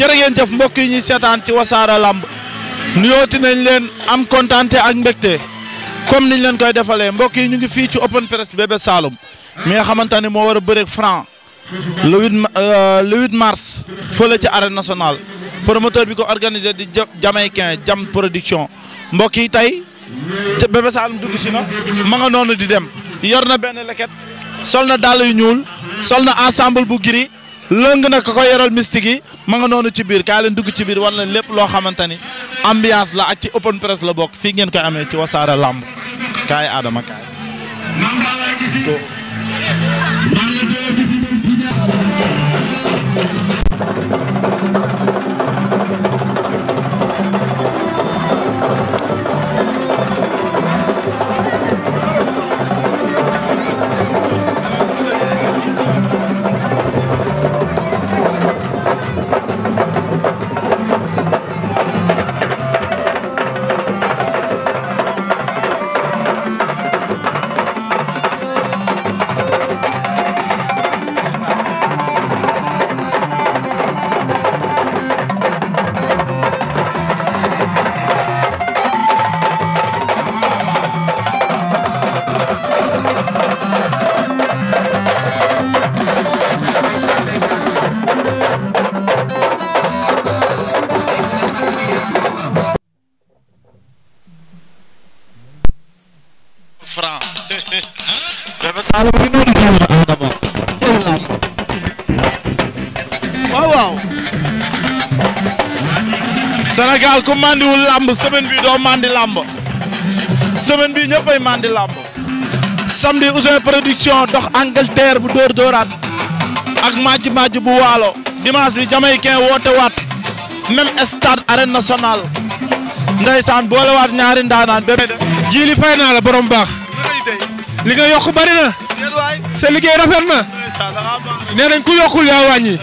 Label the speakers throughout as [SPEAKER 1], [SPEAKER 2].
[SPEAKER 1] jërë ngeen jëf mbokk yi ñu seetaan ci wasaara lamb yooti nañ leen am kontaante ak mbégte comme niñ leen koy defalee mbokk yi ñu ngi fii ci open press bébé Saloum mi nga xamante ne moo war a bëreeg franc le 8 euh, le 8 mars fële ci arène nationale promoteur bi ko organisé di jamaïcain jam production mbokk yi tey bébé Saloum dugg si na ma nga noonu di dem yor na benn leket sol na dàll yu ñuul sol na ensemble bu giri lëng nag ko yoral mystique yi ma nga noonu ci biir kaa leen dugg ci biir war leen lépp loo xamante ni ambiance la ak ci open press la bokk fii ngeen koy amee ci wasaare lamb kaay Adama kaay. mandiwul làmb semaine bi doo mandi làmb semaine bi ñëppay mandi làmb samedi Ouzin production dox Angleterre bu dóor dóoraat ak majj majj bu waalo dimanche bi jamaïcain woote waat même stade arène nationale ndeysaan boolewaat ñaari ndaanaan bébé jiili fay la borom baax li nga yokk bari sa liggéey rafet na nee nañ ku yokkul yaa wàññi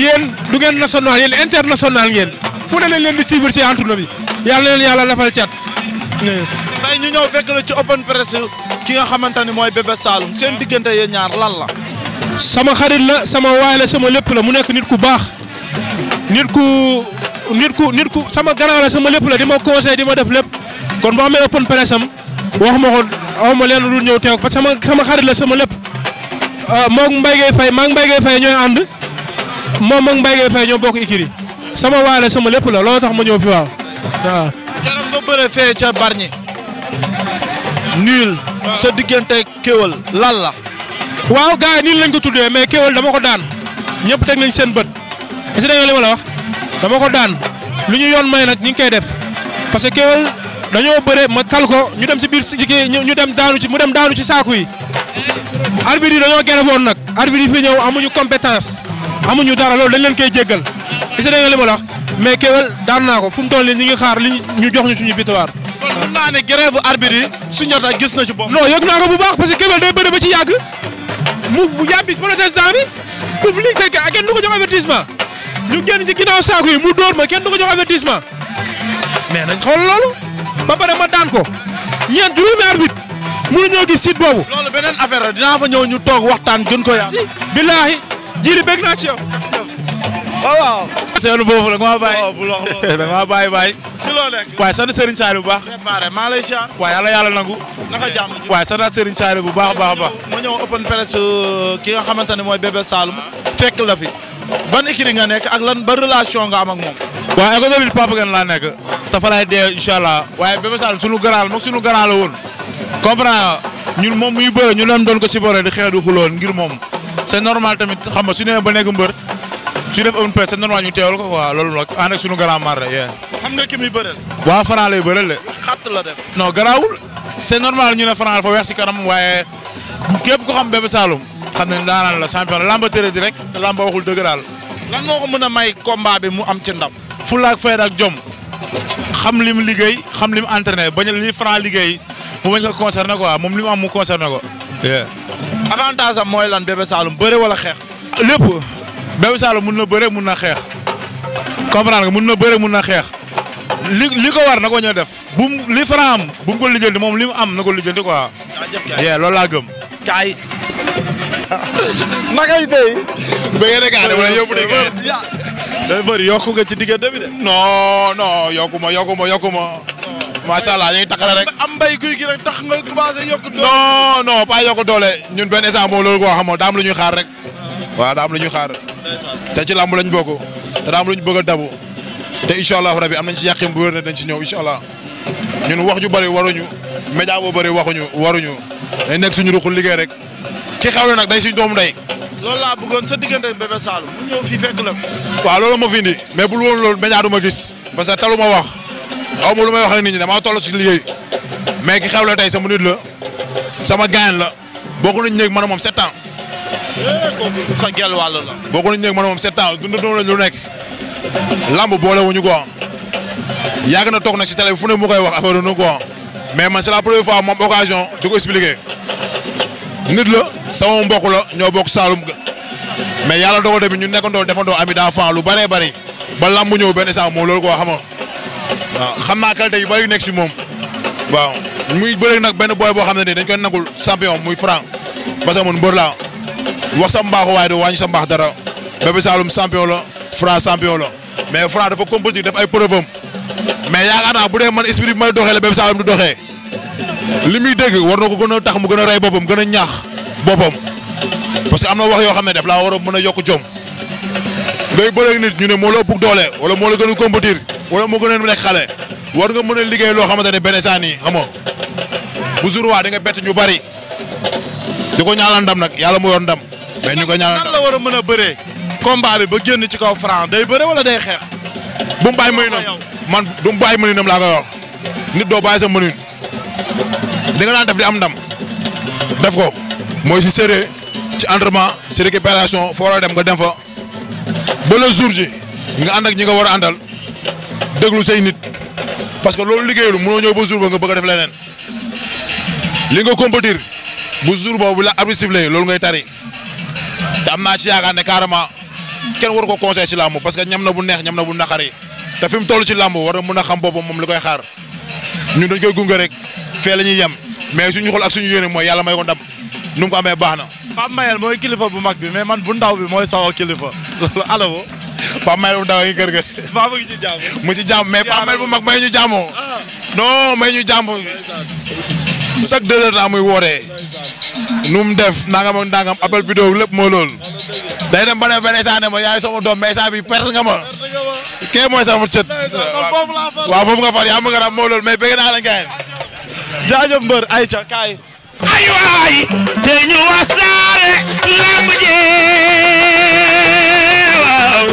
[SPEAKER 1] yéen du ngeen national yéen international ngeen fu ne lañ leen di suivre ci entournement bi yàlla na leen yàlla defal cat. tey ñu ñëw fekk la ci open press ki nga xamante ni mooy Bébé Saloum seen diggante yéen ñaar lan la. sama xarit la sama waay sama lépp la mu nekk nit ku baax nit ku nit ku nit ku sama gannaaw sama lépp la di ma conseil di ma def lépp kon boo amee open press wax ma ko wax ma leen lu ñëw teew sama sama xarit la sama lépp euh, moom Mbaye Gueye Faye maa ngi Mbaye Gueye Faye ñooy ànd moom ak Mbaye Gueye Faye ñoo bokk ikiri sama waay sama lépp la looloo tax ma ñëw fi waaw waaw. keroog nga bëre fee ca Bargny. nul. sa diggante kéwal lan la. waaw gars yi nii lañ ko tuddee mais kéwal dama ko daan ñëpp teg nañ seen bët est ce que li wax dama ko daan lu ñu yoon may nag ñu ngi koy def parce que kéwal dañoo bëre ma kal ko ñu dem si biir si ñu dem daanu ci mu dem daanu ci saaku yi. arbitre dañoo gërëmoon nag arbitre yi fi ñëw amuñu compétence amuñu dara loolu dañ leen koy jéggal. gis nga li ma mais Keweul daan naa ko fu mu toll nii ñu ngi xaar li ñu jox ñu suñu victoire. kon mën naa gis na ci bopp. non yëg naa ko bu baax parce que Keweul day bëri ba ci yàgg mu mu yàbbi protestant bi public te kenn du ko jox avertissement ñu génn ci ginnaaw saako yi mu dóor ma kenn du ko jox avertissement mais nañ xool loolu ba pare ma daan ko ñeent juróomi arbitre mënu ñoo gis site boobu. loolu beneen affaire dinaa fa ñëw ñu toog waxtaan gën ko yàq. billaahi jiili bëgg naa ci yow. seen boobu la nga bàyyi oh, bu lox lool da nga bàyyi bàyyi ci loo nekk waaye sant Serigne Saliou bu baax préparé waaye yàlla yàlla nangu waaye santaat Serigne Saliou bu baax baax baax ma ñëw open press euh, ki nga xamante ne mooy Bébé Saloum fekk la fi ban écurie nga nekk ak lan ban relation nga am ak moom waaw école de lutte Papa Guène laa nekk dafa lay dee incha allah waaye Bébé Saloum suñu garaan moom suñu garaan la woon comprendre ñun moom muy bëre ñu leen doon ko si bëre di xeetu xuloon ngir moom c'est normal tamit xam nga su ba su def open press c'est normal ñu teewal ko quoi loolu la ànd ak suñu grand marre yéen. ki muy bëreel. waa Franc lay bëreel de. xat la def. non garaawul c'est normal ñu ne Franc dafa weex si kanam waaye képp ko xam Bébé Saloum xam ne daanaan la champion lamba tëre di rek lamba waxul dëgg lan moo ko mën a may combat bi mu am ci ndam. fulla ak ak jom xam li mu liggéey xam li mu entraîné bañ li Franc liggéey mu bañ ko concerné quoi moom li am mu concerné ko. avantage am mooy lan Bébé wala xeex. lépp. Bébé Saloum mun na bëre mun na xeex comprendre nga mun na bëre mun na xeex li li ko war na ko ñoo def bu mu li Franc am bu ko lijjanti moom li am na ko lijjanti quoi. yee loolu laa gëm. kaay.
[SPEAKER 2] naka yi tey. bëggee de gaa de wala de ci diggante bi de. non non yokku ma yok mo yokku ma. macha allah ñu rek. am mbay guy rek tax nga commencé yokku doole. non non pas doole ñun benn instant moom loolu koo xam daa am lu ñuy xaar rek. waaw daa am lu ñu xaar te ci làmb lañ bokk te daa am lu ñu bëgg a dabu te incha allah rabi am nañ si yàqin bu wér ne dañ si ñëw incha allah ñun wax ju bëri waruñu média boo bëri waxuñu waruñu day nekk ñu ruqul liggéey rek ki xawle nag dañ si doom day
[SPEAKER 1] loolu laa bëggoon sa diggante ak Bébé Saloum mu ñëw fii fekk la
[SPEAKER 2] waaw loolu ma fi indi mais bul lool loolu média du ma gis parce que talu ma wax aw ma lu may wax ak nit ñi damaa toll si liggéey mais ki xewle tey sama nit la sama gaañ la bokk nañ ñëw man moom sept ans kooku la. boo ko ñëwee man moom sept ans dund dund lañ lu nekk lamb boole wuñu ko yàgg na toog na si télé bi fu ne mu koy wax affaire nu ko mais man c'est la foi fois moom occasion di ko expliquer nit la sama mbokk la ñoo bokk Saalum mais yàlla dogal tamit ñu nekkandoo defandoo ami d'enfant lu bëree bëri ba lamb ñëw benn saa moom lool koo xam nga waaw xam yu bëri yu nekk si moom waaw muy bëri nag benn boy boo xam ne dañ koy nangul champion muy wax sa mbaaxu waaye du wàññi sa mbaax dara Bébé Saloum champion la Franc champion la mais Franc dafa compétitif ay preuve mais yaakaar bu dee man esprit bi may doxee la Bébé Saloum li muy dégg war na ko gën a tax mu gën a rey boppam gën a ñaax boppam parce que am na wax yoo xam ne daf laa war a mën a yokk jom ngay bëreeg nit ñu ne moo wala moo la gën a compétir wala moo gën a nekk xale war nga mën liggéey loo xamante ne benn saa nii xam nga bu jour waa di nga bett ñu bari di ko ñaanal ndam nag yàlla mu yor ndam. mais ñu ko ñaanal nan la war a mën a bëree. combat bi ba génn ci kaw Franc day bëre wala day xeex. bu mu bàyyi mëninam man bu mu bàyyi mëninam laa koy wax nit doo bàyyi sa mënin di daan def di am ndam def ko mooy si serré ci entraînement si récupération foo war dem nga dem fa ba le jour ji nga ànd ak ñi nga war a àndal déglu say nit parce que loolu liggéeylu mënoo ñëw ba jour ba nga bëgg a def leneen li nga compétir bu jour boobu la arbitre sifflé loolu ngay tari te naa ci yaakaar ne carrément kenn waru ko conseil ci làmb parce que ñam na bu neex ñam na bu naqari te fi mu toll ci làmb war na a xam boppam moom li koy xaar ñun dañ koy gunge rek fee la ñuy yem mais suñu xol ak suñu yéene mooy yàlla may ko ndam nu mu ko amee baax na. Pape Mayel mooy kilifa bu mag bi mais man bu ndaw bi mooy sawa kilifa loolu allo. Pape Mayel bu ndaw yi kër ga. maa ngi ci jàmm. mu ci jàmm mais Pape Mayel bu mag may ñu jàmmoo. Ah. non may ñu jàmm. chaque deux heures temps muy wootee nu mu def nangam ak nangam appel vidéo lépp moo loolu day dem ba ne benn instant ne ma yaay sama doom mais instant bi perte nga ma kee mooy sama cët waaw foofu nga far yaa ma nga ram moo loolu mais bëgg naa la ngayen jaajëf mbër ay ca kaay ay waay te ñu wasaare
[SPEAKER 3] lamb jee waaw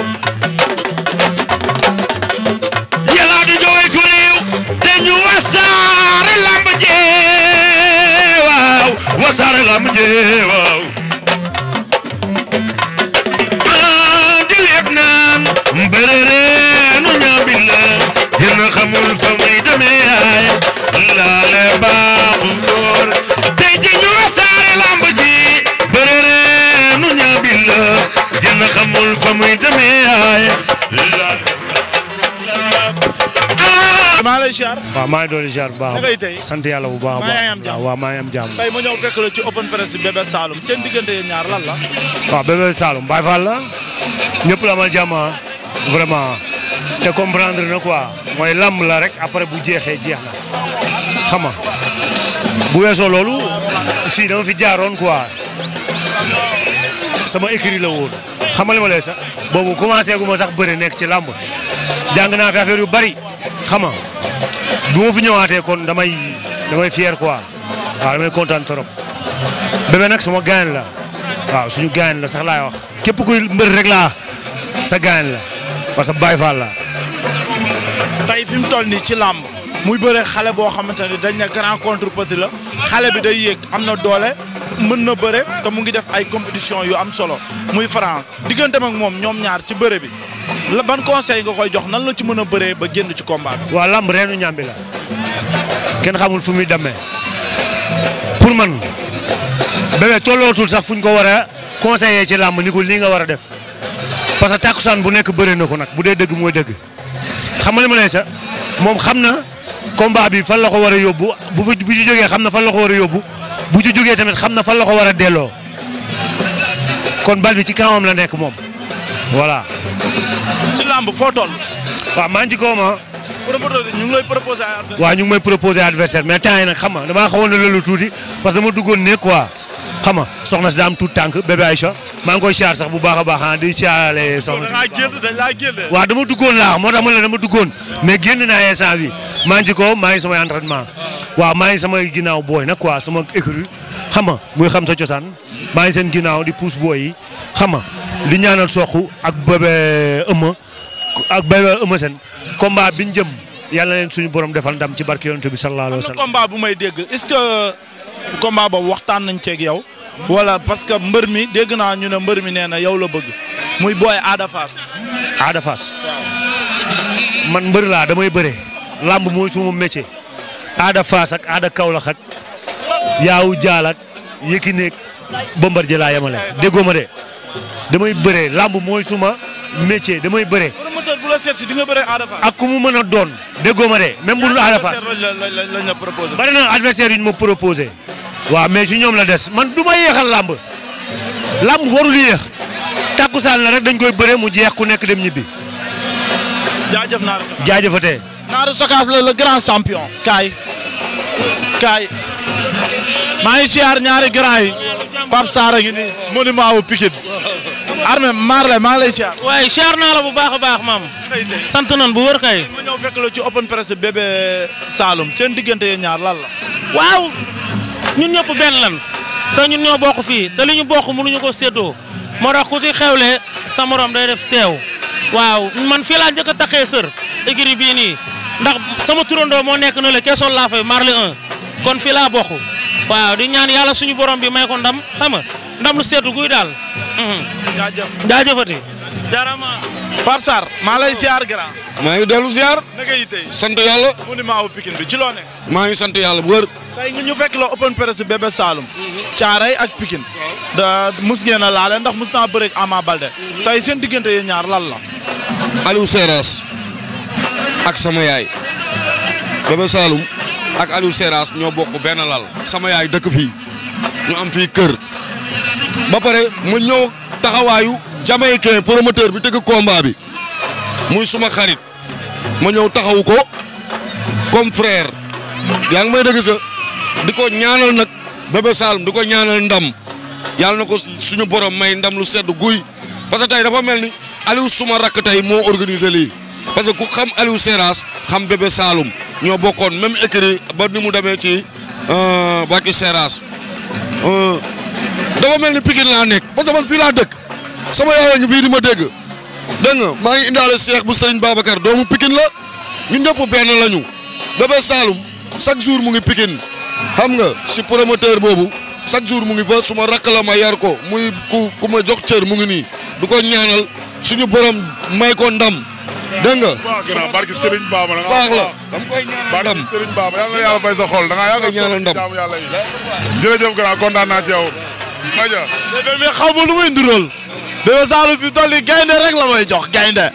[SPEAKER 3] wasaare lamb ji waaw
[SPEAKER 4] aa di leeb naan mberere nu ñaabil la dina xamul fa muy demee yaay laale
[SPEAKER 3] baaxu góor tey ji ñu wasaare lamb ji mberere nu ñaabil la dina xamul fa muy demee yaay laale maa lay ziar. waaw maa ngi doon baax. dangay tey sant yàlla bu baax a baax. maa ngi am jàmm waaw maa ngi am jàmm.
[SPEAKER 1] tey ma ñëw la ci la. waaw
[SPEAKER 3] Bébé Saloum Baye Fall la vraiment te comprendre na quoi mooy lamb la rek après bu jeexee jeex na xam nga bu weesoo loolu fii dama fi jaaroon quoi sama écrit la woon xam nga li ma lay sax boobu commencé gu ma sax bëri nekk ci lamb jàng naa fi affaire yu bari xam bi ma fi ñëwaatee kon damay damay fier quoi waaw damay kontaan trop Bébé nag sama gaañ la waaw suñu gaañ la sax laay wax képp kuy mbër rek laa sa gaañ la parce que Baye la.
[SPEAKER 1] tey fi mu toll nii ci làmb
[SPEAKER 3] muy bëre xale boo xamante ne dañ
[SPEAKER 1] ne grand contre petit la xale bi day yéeg am na doole. mën na bëre te mu ngi def ay compétition yu am solo muy Franc diggante ak moom ñoom ñaar ci bëre bi la ban conseil
[SPEAKER 3] nga koy jox nan la ci mën a bëree ba génn ci combat waa waaw lamb reenu ñambi la kenn xamul fu muy demee pour man bébé tollootul sax fu ñu ko war a ci lamb ni ko lii nga war a def parce que takkusaan bu nekk bëre na ko nag bu dee dëgg mooy dëgg xam nga li ma lay sa moom xam na combat bi fan la ko war a yóbbu bu fi bu ci jógee xam na fan loxo ko war a yóbbu. bu ci jógee tamit xam na fan la ko war a delloo kon bal bi ci kanamam la nekk moom voilà. ci làmb foo toll. waaw maa ngi ci kaw ma. Ah. promoteur ñu ngi lay proposé. waaw ñu ngi may proposé adversaire mais temps yi nag xam nga damaa xawoon na loolu tuuti parce que ma duggoon nekk quoi. xam nga soxna si daa am tuut tànk bébé Aïcha maa ngi koy siyaar sax bu baax a baax ah di siyaarale soxna
[SPEAKER 1] si.
[SPEAKER 3] waaw dama duggoon laa moo tax ma ne dama duggoon mais génn naa instant bi maa ngi ci ko maa ngi samay entraînement waaw maa ngi samay ginnaaw booy nag quoi sama écrit xam nga muy xam sa cosaan maa ngi seen ginnaaw di pousse booy yi xam nga di ñaanal soq ak bébé ëmma ak bébé ëmma seen combat bi ñu jëm yàlla leen suñu borom defal ndam ci barke yonent bi sallallahu alayhi wa sallam combat
[SPEAKER 1] bu may dégg est-ce que combat boobu waxtaan nañ ceeg yow wala parce que mbër mi
[SPEAKER 3] dégg naa ñu ne mbër mi nee na yow la bëgg muy booy Ada Fass. Ada Fass man mbër laa damay bëre. làmb mooy suma métier. Ada Fass ak Ada Kaolack ak yaawu jaal ak Yékini ak Bombardier laa yemale déggoo ma de damay bëree làmb mooy suma métier damay bëree.
[SPEAKER 1] promoteur bu la seet si di nga
[SPEAKER 3] bëree Ada Fass ak ku mën a doon déggoo ma de même bu dul Ada Fass.
[SPEAKER 1] lañ la proposé.
[SPEAKER 3] ma proposé. waaw mais ci ñoom la des man du ma yeexal làmb làmb warul yéex tàkkusaan la rek dañ koy bëre mu jeex ku nekk dem ñibbi. jaajëf Naaru Sokaaf jaajëfatee.
[SPEAKER 1] Naaru Sokaaf la le grand champion. Kaay Kaay maa ngi siyaar ñaari grand yi Pape Sarr a ngi nii monument wu Pikine. Armé Marley maa lay siyaar. waaye siyaar naa la bu baax a baax mam sant nan bu wër kay. ma ñëw fekk la ci open press bébé Saloum seen diggante yéen ñaar lal la. waaw. ñun ñëpp benn lan te ñun ñoo bokk fii te li ñu bokk mënuñu ko séddoo moo tax ku si xewle sa morom day def teew waaw man fii laa njëkk a taxee sër écurie bii nii ndax sama turandoo moo nekk na le keesoon laa fay marle 1 kon fii laa bokk waaw di ñaan yàlla suñu borom bi may ko ndam xam ndam lu seddu guy daal. Mhm. jaajëf jaajëfati Pape Sarr maa lay ziar grand. maa ngi dellu ziar. naka yi tey sant yàlla. monument bi ci loo maa ngi sant yàlla bu wër. tey ñu fekk la open press Bébé Saloum. Caaray ak Pikine. da mus ngeen laale ndax mus naa bëreeg Ama Balde. tey seen diggante yéen ñaar lan la. Aliou Seras
[SPEAKER 4] ak sama yaay Bébé Saloum ak Aliou Seras ñoo bokk benn lal sama yaay dëkk fii ñu am fii kër ba pare ma ñëw taxawaayu. jamaïcain promoteur bi tëgg combat bi muy suma xarit ma ñëw taxaw ko comme frère yaa ngi may dëgg di ko ñaanal nag Bébé Saloum di ko ñaanal ndam yàlla na ko suñu borom may ndam lu sedd guy parce que tey dafa mel ni Aliou suma rakk tey moo organisé lii parce ku xam Aliou Seras xam Bébé Saloum ñoo bokkoon même écrit ba ni mu demee ci euh, bàcci Seras euh, dafa mel ni Pikine laa nekk parce que man fii laa dëkk. sama yaay ngi bii di ma dégg dégg maa ngi indaale Cheikh bu Serigne Babacar doomu pikin la ñu ñëpp benn la ñu Bébé Saloum chaque jour mu ngi Pikine xam nga si promoteur boobu chaque jour mu ngi fa su rakk la ma yar ko muy ku ku ma jox cër mu ngi nii du ko ñaanal suñu borom may ko ndam dégg nga. waaw
[SPEAKER 5] gannaaw barki Serigne Baba la. baax la dama koy ñaanal ndam barki Serigne Baba yàlla na yàlla fay sa xol da ngaa yàlla ñaanal ndam jërëjëf gannaaw kontaan naa ci yow. Maja mais xaw ma lu muy ndural. Bébé Saloum fi toll nii gaynde rek la may jox gaynde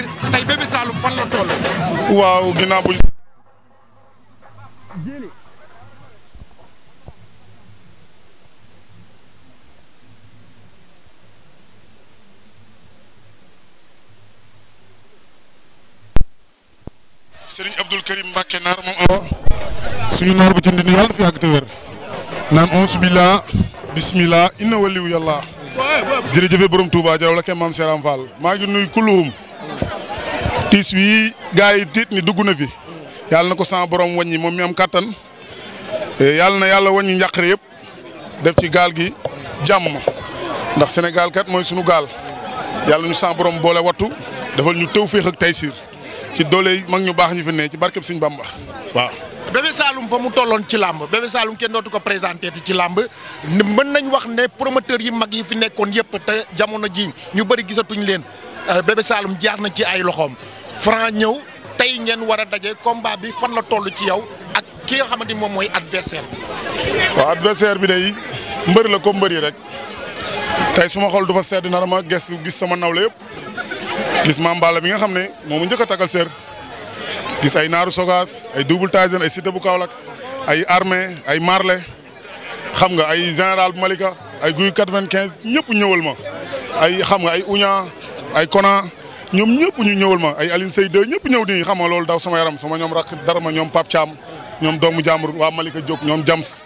[SPEAKER 2] biir tey Bébé Saloum fan la toll.
[SPEAKER 5] waaw ginnaaw buñ. Serigne Abdoul Karim Mbacke naar moom awa suñu naar bu jënd ni yàlla fi yàgg te naan ons billah bismillah inna waliyu yàlla jërëjëfe borom Touba jaraw la kenn maam Seram Fall maa ngi nuyu kulluhum tiis wi gaa yi tiit ni dugg na fi yàlla na ko sama borom wàññi moom mi am kattan e, yàlla na yàlla wàññi njàqare yëpp def ci gaal gi jàmm ndax Sénégal kat mooy sunu gaal yàlla ñu sama borom boole wattu defal ñu tawféex ak taysiir ci doole mag ñu baax ñu fi ne ci barkeb Sëñ Bamba waaw.
[SPEAKER 4] Bébé
[SPEAKER 2] Saloum fa mu tolloon ci làmb Bébé Saloum kenn dootu ko présenté ci làmb mën nañ wax ne promoteur yi mag yi fi nekkoon yëpp te jamono ji ñu bari gisatuñ leen euh, Bébé Saloum jaar na ci ay loxoom. Franc ñëw tey ngeen war a daje combat bi fan la toll ci yow ak ki nga xamante ni moom mooy adversaire bi.
[SPEAKER 5] waaw adversaire bi day mbëri la ko mbër yi rek tey suma xol du fa sedd nar ma gis gis sama nawle yëpp gis maam Balla bi nga xam ne moom njëkk a tagal seer gis ay naaru sogaas ay double Tyson ay cité bu Kaolack ay armée ay marle xam nga ay général bu Malika ay guy quatre-vingt-quinze ñëpp ñëwal ma ay xam nga ay uña ay kona ñoom ñëpp ñu ñëwal ma ay Alioune Seye 2 ñëpp ñëw nii xam nga loolu daw sama yaram suma ñoom rakk dara ma ñoom Pape Thiam ñoom doomu jàmbur waa Malika Diop ñoom Jams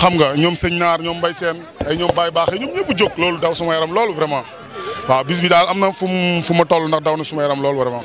[SPEAKER 5] xam nga ñoom sëñ Naar ñoom Mbaye Sène ay ñoom Baye Baaxe ñoom ñëpp jóg loolu daw sama yaram loolu vraiment waaw bis daal am na fu mu fu ma toll ndax daw na suma yaram loolu vraiment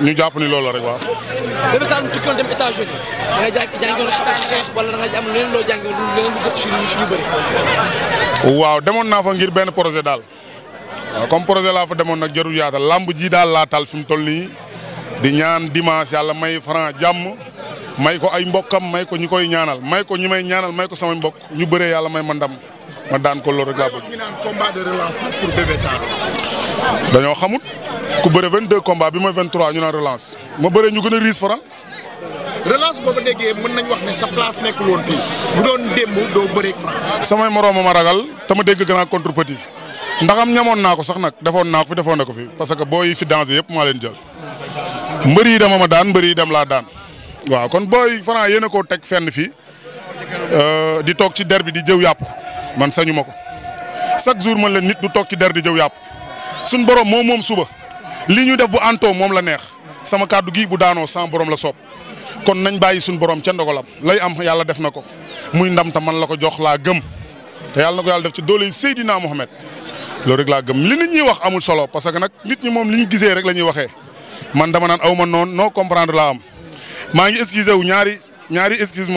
[SPEAKER 5] ñu jàpp ni loolu rek waaw.
[SPEAKER 1] Bébé Saloum tukkoon dem États-Unis da nga jàng jàngoon xeex wala da nga am leneen loo jàng leneen lu bokk suñu suñu bëri.
[SPEAKER 5] waaw demoon naa fo ngir benn projet daal waaw comme projet laa fo demoon nag jarul yaatal làmb ji daal laa tal fi mu toll nii di ñaan dimanche yàlla may Franc jàmm may ko ay mbokkam may ko ñi koy ñaanal may ko ñi may ñaanal may ko samay mbokk ñu bëree yàlla may ma ndam. ma daan ko loolu rek laa bëgg. dañoo xamut ku bëre 22 combat bi mooy 23 ñu naan relance ma bëre ñu gën a riis faran. relance boo ko déggee mën nañ wax ne sa place nekkul woon fii bu doon démb doo bëreeg samay moroom ma ragal te ma dégg grand contre petit ndaxam ñamoon naa ko sax nag defoon naa ko fi defoon ne ko fi parce que booy fi danger yëpp maa leen jël mbër yi dama ma daan mbër yi dem laa daan waaw kon booy franc yéen koo teg fenn fii Euh, di toog ci der bi di jëw yàpp man sañu ma ko chaque jour man la nit du toog ci der di jëw yàpp suñ borom moom moom suba li ñuy def bu antoo moom la neex sama kàddu gi bu daanoo sans borom la soob kon nañ bàyyi suñ borom ca ndogalam lay am yàlla def na ko muy ndam ta man la ko jox laa gëm te yàlla na ko yàlla def ci doole Seydina Mohamed loolu rek laa gëm li nit ñi wax amul solo parce que nag nit ñi moom li ñu gisee rek la ñuy waxee man dama naan aw ma noonu noo comprendre laa am maa ngi wu ñaari ñaari excuse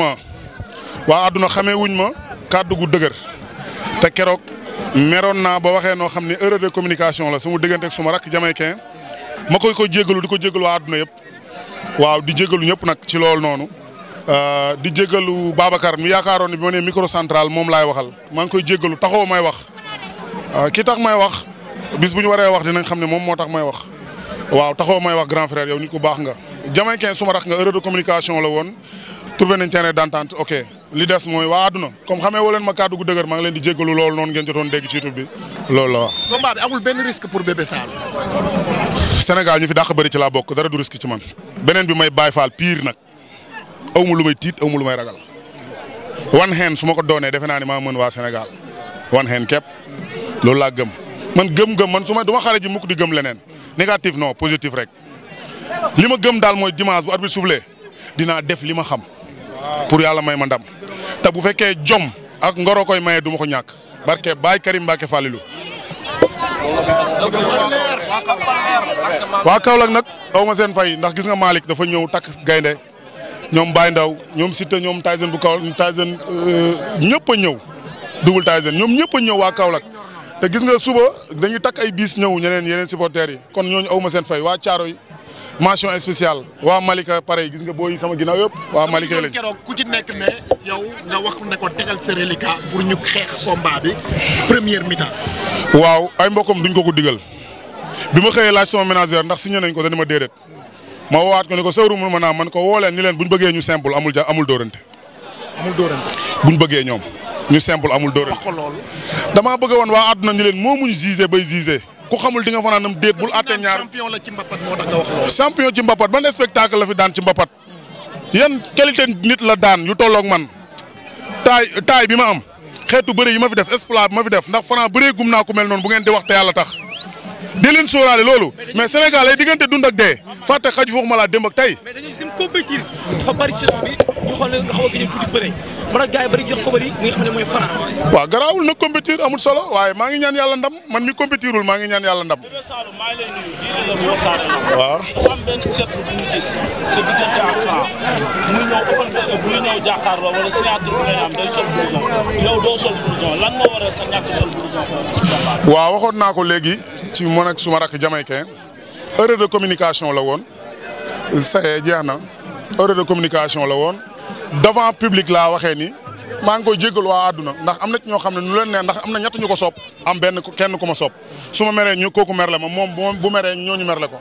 [SPEAKER 5] waa àdduna xamee wuñ ma kàddu gu dëgër te keroog meeroon naa ba waxee noo xam ne erreur de communication la suma diggante ak suma rakk jamaïcain ma koy ko jégalu di ko jégalu waa àdduna yëpp waaw di jégalu ñëpp nag ci loolu noonu euh, di jégalu Babacar mi yaakaaroon ne bi ma micro microcentral moom laay waxal maa ngi koy jégalu taxoo may wax euh, ki tax may wax bis bu ñu waree wax dinañ xam ne moom moo tax may wax waaw taxoo may wax grand frère yow nit ku baax nga. jamaïcain suma rakk nga erreur communication la woon. trouvé nañ terrain d'entente ok li des mooy waa àdduna comme xamee woo leen ma kàddu gu dëgër maa leen di jéggalu loolu noonu ngeen jotoon dégg ci YouTube bi
[SPEAKER 2] loolu la wax. combat bi amul benn risque pour Bébé Saloum.
[SPEAKER 5] Sénégal ñu fi dàq bëri ci laa bokk dara du risque ci man beneen bi may Baye Fall pire nag aw ma lu may tiit aw ma lu may ragal one hand su ma ko doonee defe naa ne maa mën waa Sénégal wan hand képp loolu laa gëm man gëm-gëm man su ma du ma xare ji di gëm leneen négatif non positif rek li ma gëm daal mooy dimanche bu dinaa def li ma xam pour yàlla may ma ndam te bu fekkee jom ak ngoro koy maye du ma ko ñàkk barke Baye Karim Mbacke Fallilou. waa Kaolack nag aw ma seen fay ndax gis nga Malick dafa ñëw takk gaynde ñoom Baye Ndaw ñoom Siteu ñoom Tyson bu Kaolack Tyson euh, ñëpp ñëw double Tyson ñoom ñëpp ñëw waa Kaolack te gis nga suba dañuy takk ay biis ñëw ñeneen yeneen supporters yi kon ñooñu aw seen fay waa Thiaroye mention spéciale waa Malika pare gis nga booy sama ginnaaw yëpp waa Malika lañ
[SPEAKER 2] keroog ku ci nekk ne yow nga wax ne ko tegal sa pour ñu xeex combat bi première mi-temps waaw ay mbokkam duñ
[SPEAKER 5] ko ko digal bi ma xëyee laaj sama ménagère ndax signé nañ ko dañu ma déedéet ma waa ko ne ko sawru mun ma naa man ko woo leen ni leen buñ bëggee ñu simple amul ja amul dóorante amul dóorante buñ bëggee ñoom ñu simple amul dóorante damaa bëgg woon waa àdduna ni leen moomuñ gisé bay gisé ku xamul di nga fanaan am déet bul àtte ñaar
[SPEAKER 4] champion la ci mbapat moo tax
[SPEAKER 5] ci mbapat ban spectacle la fi daan ci mbapat yan qualité nit la daan yu tolloog man taay taay bi ma am xeetu bëre yi ma fi def exploit ma fi def ndax Franc bëree gum naa ku mel noon bu ngeen di wax te yàlla tax di leen sóoraale loolu mais Sénégal ay diggante dund ak dee fàtte xaj foofu ma laa démb ak tey.
[SPEAKER 1] mais dañuy gis ni a a
[SPEAKER 5] a gars yi amul solo waaye maa ngi ñaan yàlla ndam man mi compétirul maa ngi ñaan yàlla ndam. waaw. am naa ko léegi mu nekk suma rakk jamaïcain erreur de communication la woon saye jeex na erreur de communication la woon davant public laa waxee ni maa ngi koy jéggal waa àdduna ndax am na ñoo xam ne nu leen nee ndax am na ñett ñu ko sopp am benn kenn ku ma sopp su ma meree ñu kooku mer la ma moom bu meree ñooñu mer la ko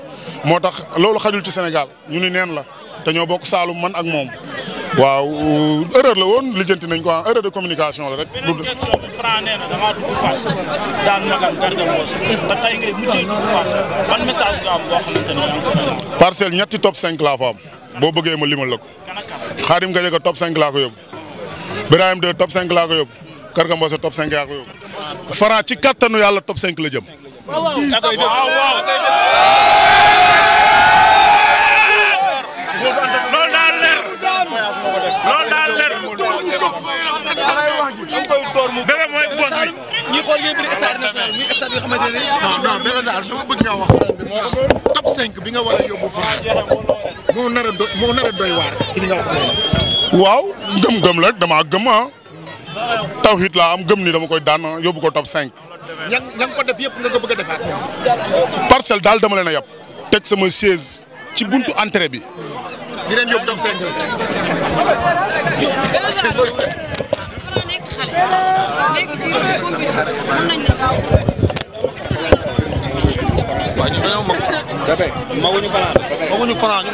[SPEAKER 5] moo tax loolu xajul ci Sénégal ñu ni neen la te ñoo bokk Saalum man ak moom waaw erreur la woon lijjanti nañ ko ah erreur de communication la rek. beneen question ñetti top 5 laa fa am boo bëggee ma limal la ko. Xaadim Gadiaga top 5 laa ko yóbbu. Birahim de top 5 laa ko yóbbu. Garga Mbossé top 5 laa ko yóbbu. Franc ci kattanu yàlla top 5 la jëm.
[SPEAKER 4] ñu bi nga war a yóbbu France moo
[SPEAKER 2] nar doy waar
[SPEAKER 5] waaw gëm-gëm rek damaa gëm ah. tawhid laa am gëm ni dama koy daan ah, yóbbu ko top 5.
[SPEAKER 4] ña ña def yëpp nga ko bëgg a defaat.
[SPEAKER 5] parcelle daal dama leen a yab. teg sama chaise ci buntu entrée bi.
[SPEAKER 2] di leen yóbbu top 5 la. waaw ñun
[SPEAKER 4] dañoo mag. maguñu fanaan. maguñu fanaan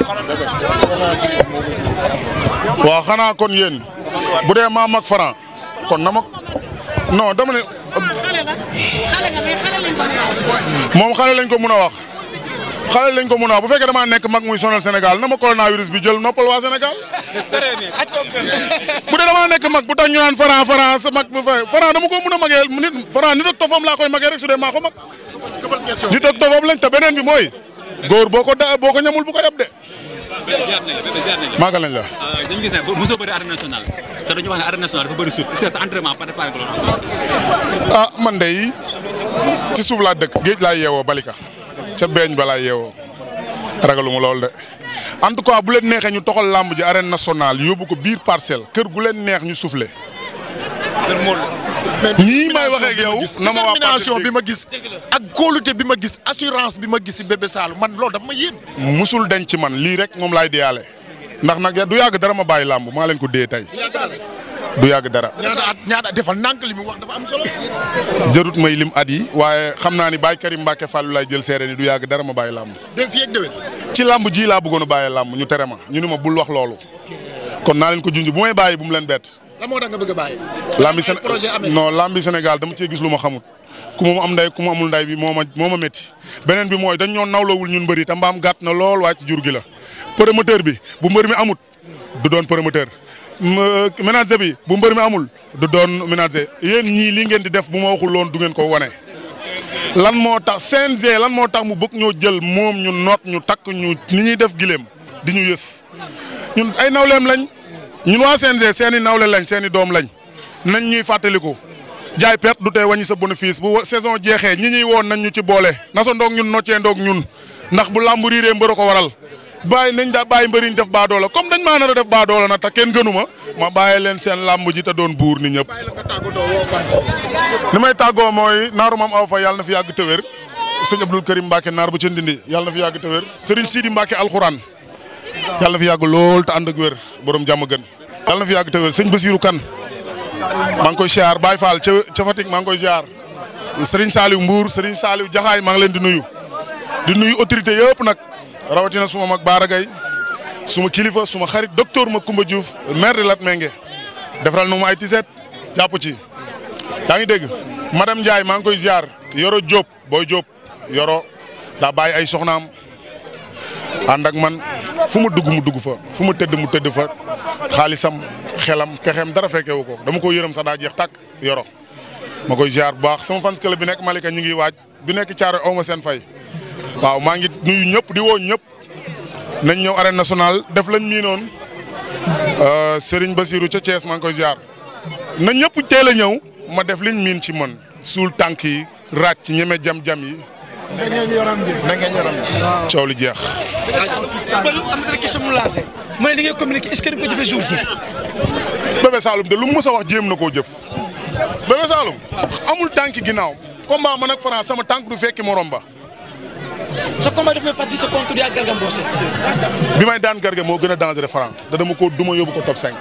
[SPEAKER 5] ñun. kon yéen bu maa mag Franc kon na mag non dama ne. moom xale lañ ko mën a wax. xale lañ ko mën a bu fekkee damaa nekk mag muy sonal Sénégal na ma coronavirus bi jël noppal waa Sénégal. bu dee damaa nekk mag bu tax ñu naan Franc Franc sa mag Franc dama ko mën a magee nit Franc nit ak tofam laa koy magee rek su dee ko lañ te beneen bi mooy. góor boo ko da boo ko ñamul bu ko yab de.
[SPEAKER 4] maaga lañ la. dañu gis ne bu mosoo bëri arène nationale te dañu wax ne arène nationale dafa bëri suuf
[SPEAKER 5] ah man de ci suuf laa dëkk géej laa yeewoo Balika. ca beeñ balaa yeewoo ragaluma lool de en tout cas bu leen neexee ñu toxal làmb ji arène nationale yóbbu ko biir parcelle kër gu leen neex ñu soufflé. kër Mawla. nii may waxee ak yow na ma détermination bi ma gis ak kóolute bi ma gis assurance bi ma gis si bébé Saloum man loolu daf ma yéem. musul denc man lii rek moom laay deyaale ndax nag du yàgg dara ma bàyyi làmb maa leen ko dee tey. du yàgg dara.
[SPEAKER 2] ñaata at ñaata defal nànk li mu wax dafa am solo.
[SPEAKER 5] jarut may lim at yi waaye xam naa ni Baye Karim Mbacke Fallou laay jël seere ni du yàgg dara ma bàyyi làmb. ci làmb ji laa bëggoon a bàyyi làmb ñu tere ma ñu ni ma bul wax loolu. kon naa leen ko junj bu may bàyyi bu mu leen bet lan moo tax bëgg a bàyyi.
[SPEAKER 2] lambi Sénégal
[SPEAKER 5] non Sénégal dama cee gis lu ma xamut. ku ma am nday ku ma amul nday bi moom a moo ma métti beneen bi mooy dañ ñoo nawlawul ñun mbëri tambaam gàtt na lool waaye ci jur gi la promoteur bi bu mbër mi amut du doon promoteur ménager bi bu mbër mi amul du doon ménager yéen ñii li ngeen di def bu ma waxul loon du ngeen ko wane. lan moo tax CNG lan moo tax mu bëgg ñoo jël moom ñu noot ñu takk ñu li ñuy def gileem di ñu yës ñun ay nawleem lañ ñun waa CNG seen i nawle lañ seeni doom lañ nañ ñuy fàttaliku. jaay perte du tey wàññi sa bénéfice bu saison jeexee ñi ñuy woon nañ ñu ci boole na ndoog ñun noccee ndoog ñun ndax bu làmb riiree mbër ko waral. bàyyi nañ daa bàyyi mbëriñ def baadoola comme dañ maa nar a def baadoola na te kenn gënu ma ma leen seen làmb ji te doon buur ni ñëpp. li may tàggoo mooy naaru maam aw fa yàlla na fi yàgg te wér sëñ Abdul Karim Mbacke naar bu ca Ndindi na fi yàgg te wér sëriñ Sidi Mbacke alxuraan yàlla na fi yàgg lool te ànd ak wér borom jàmm gën. yàlla na fi yàgg te wér sëñ Basirou Kane maa ngi koy ziar Baye Fall ca ca Fatick maa ngi koy ziar sëriñ Saliou Mbour sëriñ Saliou Jaxaay maa ngi leen di nuyu di nuyu autorité yëpp nag rawatina suma mag Baara suma kilifa suma xarit docteur Macoumba Diouf maire de Latmingué defaral nu ma ay tiset jàpp ci yaa ngi dégg madame Ndiaye maa ngi koy jaar Yoro Diop booy Diop Yoro daa bàyyi ay soxnaam ànd ak man fu mu dugg mu dugg fa fu mu tëdd mu tëdd fa xaalisam xelam pexeem dara fekkewu ko dama ko yërëm sax daa jeex tàkk Yoro ma koy ziar bu baax sama fans club bi nekk Malika ñu ngi waaj bi nekk Thiaré seen fay. waaw maa ngi nuyu ñëpp di woo ñëpp nañ ñëw arène nationale def lañ miinoon euh, Serigne Basirou ca Thiès maa ngi koy ziar na ñëpp teel a ñëw ma def liñ miin ci man suul tànk yi raaj ci ñeme jam-jam yi. na ngeen yoram jeex. am na question mu lancé mu ne li ngay communiqué est-ce ko lu mu mës wax jéem na koo jëf. Bébé Saloum amul tànk ginnaaw combat man a France sama tànk du fekki morom ba. sa combat daf may fàttali sa contre ak Garga Mbossé. bi may daan Garga moo gën a dangereux Franc da dama ko duma yóbbu ko top 5.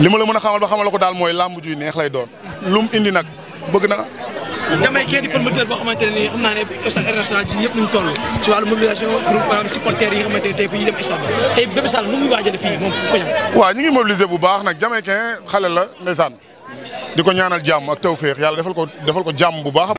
[SPEAKER 5] li ma la mën a xamal ba xamal ko daal mooy làmb juy neex lay doon. lu indi nag bëgg na.
[SPEAKER 1] damay kenn di promoteur boo xamante ne nii
[SPEAKER 5] xam naa ne international ci ñëpp ñu yi ñu dem stade tey Bébé mu ngi waajal fii moom ko ñam ñu ngi mobiliser bu baax nag Jamaïcain xale la ndeysaan di ko ñaanal jàmm ak tawféex yàlla defal ko defal ko jàmm bu baax